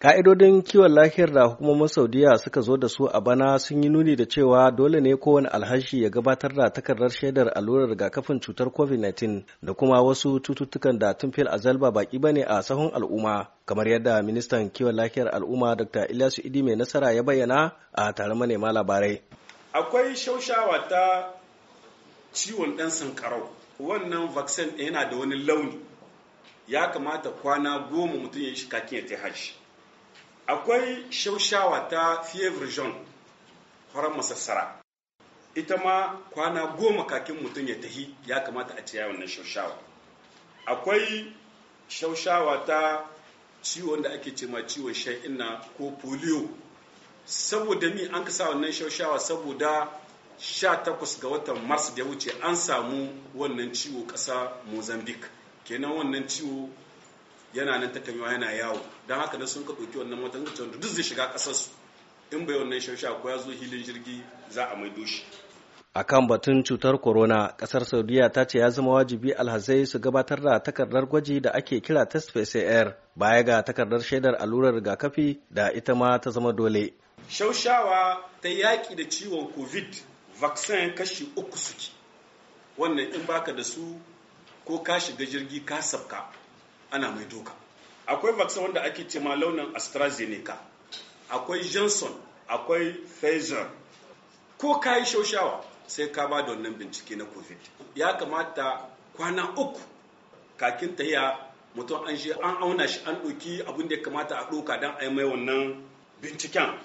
Ka'idodin kiwon lafiyar da hukumomin Saudiya suka zo da su a bana sun yi nuni da cewa dole ne kowane alhashi ya gabatar da takardar shaidar allurar rigakafin cutar COVID-19 da kuma wasu cututtukan da tun fil azal ba baki bane a sahun al'umma. Kamar yadda ministan kiwon lafiyar al'umma Dr. Ilyasu Idi mai nasara ya bayyana a taron manema labarai. Akwai shaushawa ta ciwon ɗan sankarau. Wannan vaccine yana da wani launi. Ya kamata kwana goma mutum ya shi kakin ya ta hashi. akwai shaushawa ta fever zone horon masassara ita ma kwana goma kakin mutum ya tahi ya kamata a ciyawa wannan shaushawa akwai shaushawa ta ciwon da ake cema ciwon sha'ina ko polio saboda mi an kasa wannan shaushawa saboda takwas ga watan mars da ya wuce an samu wannan ciwo ƙasa mozambique kenan wannan ciwo yana nan tattamewa yana yawo don haka na sun ka ɗauki wannan matan da duk zai shiga ƙasarsu in bai wannan shausha ko ya zo hilin jirgi za a mai shi a kan batun cutar corona ƙasar saudiya ta ce ya zama wajibi alhazai su gabatar da takardar gwaji da ake kira test pcr baya ga takardar shaidar allurar rigakafi da ita ma ta zama dole shaushawa ta yaƙi da ciwon covid vaccine kashi uku suke wannan in baka da su ko ka shiga jirgi ka sabka ana mai doka akwai vaccine wanda ake ce ma launin astrazeneca akwai johnson akwai pfizer ko ka yi shaushawa sai ka ba da wannan bincike na covid ya kamata kwana uku kakin tahiya mutum an shi an auna shi an doki abin da ya kamata a doka don a yi mai wannan binciken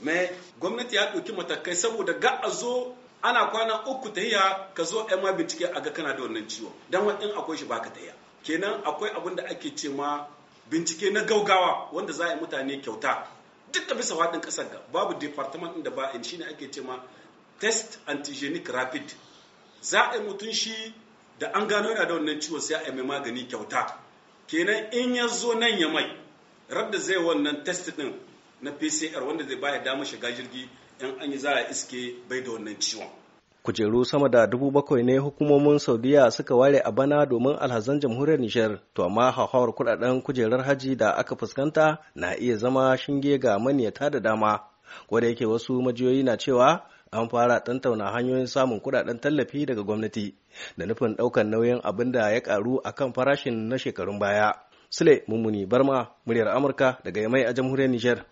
mai gwamnati ya ɗauki matakai saboda ga a zo ana kwana uku tahiya ka zo a yi mai bincike a ga kana da wannan ciwon don wani akwai shi baka tahiya kenan akwai abin da ake ce ma bincike na gaugawa wanda za a yi mutane kyauta duk da bisa faɗin ƙasar ga babu department ɗin da ba in shine ake ce ma test antigenic rapid za a yi mutum shi da an gano yana da wannan ciwon sai a yi mai magani kyauta kenan in ya zo nan ya mai da zai wannan test ɗin na pcr wanda zai ba ya damar shiga jirgi in an yi za a iske bai da wannan ciwon kujeru sama da dubu bakwai ne hukumomin saudiya suka ware a bana domin alhazan jamhuriyar nijar to amma hauhawar kudaden kujerar haji da aka fuskanta na iya zama shinge ga maniyata da dama ko yake wasu majiyoyi na cewa an fara tantauna hanyoyin samun kudaden tallafi daga gwamnati da nufin daukan nauyin abin da ya karu kan farashin na shekarun baya sule mummuni barma muryar amurka daga yamai a jamhuriyar nijar